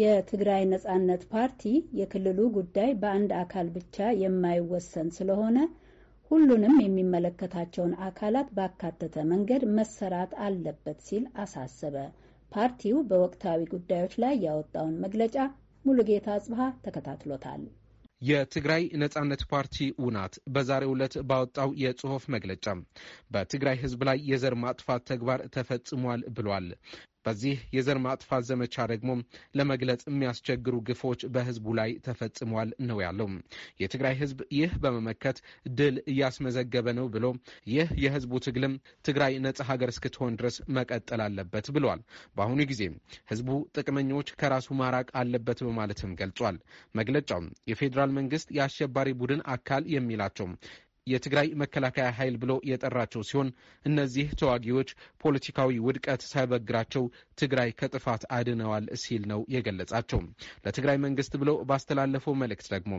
የትግራይ ነጻነት ፓርቲ የክልሉ ጉዳይ በአንድ አካል ብቻ የማይወሰን ስለሆነ ሁሉንም የሚመለከታቸውን አካላት ባካተተ መንገድ መሰራት አለበት ሲል አሳሰበ። ፓርቲው በወቅታዊ ጉዳዮች ላይ ያወጣውን መግለጫ ሙሉጌታ አጽብሃ ተከታትሎታል። የትግራይ ነጻነት ፓርቲ ውናት በዛሬው ዕለት ባወጣው የጽሑፍ መግለጫ በትግራይ ሕዝብ ላይ የዘር ማጥፋት ተግባር ተፈጽሟል ብሏል። በዚህ የዘር ማጥፋት ዘመቻ ደግሞ ለመግለጽ የሚያስቸግሩ ግፎች በህዝቡ ላይ ተፈጽሟል ነው ያለው። የትግራይ ህዝብ ይህ በመመከት ድል እያስመዘገበ ነው ብሎ ይህ የህዝቡ ትግልም ትግራይ ነጻ ሀገር እስክትሆን ድረስ መቀጠል አለበት ብሏል። በአሁኑ ጊዜ ህዝቡ ጥቅመኞች ከራሱ ማራቅ አለበት በማለትም ገልጿል። መግለጫው የፌዴራል መንግስት የአሸባሪ ቡድን አካል የሚላቸው የትግራይ መከላከያ ኃይል ብሎ የጠራቸው ሲሆን እነዚህ ተዋጊዎች ፖለቲካዊ ውድቀት ሳይበግራቸው ትግራይ ከጥፋት አድነዋል ሲል ነው የገለጻቸው። ለትግራይ መንግስት ብሎ ባስተላለፈው መልእክት ደግሞ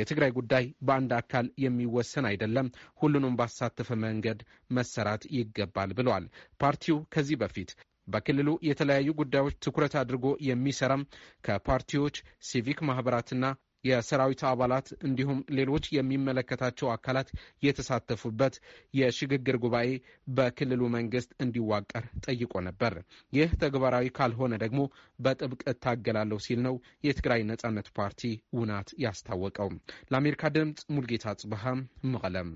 የትግራይ ጉዳይ በአንድ አካል የሚወሰን አይደለም፣ ሁሉንም ባሳተፈ መንገድ መሰራት ይገባል ብለዋል። ፓርቲው ከዚህ በፊት በክልሉ የተለያዩ ጉዳዮች ትኩረት አድርጎ የሚሰራም ከፓርቲዎች ሲቪክ ማህበራትና የሰራዊት አባላት እንዲሁም ሌሎች የሚመለከታቸው አካላት የተሳተፉበት የሽግግር ጉባኤ በክልሉ መንግስት እንዲዋቀር ጠይቆ ነበር። ይህ ተግባራዊ ካልሆነ ደግሞ በጥብቅ እታገላለሁ ሲል ነው የትግራይ ነጻነት ፓርቲ ውናት ያስታወቀው። ለአሜሪካ ድምፅ ሙልጌታ ጽብሃ መቀለም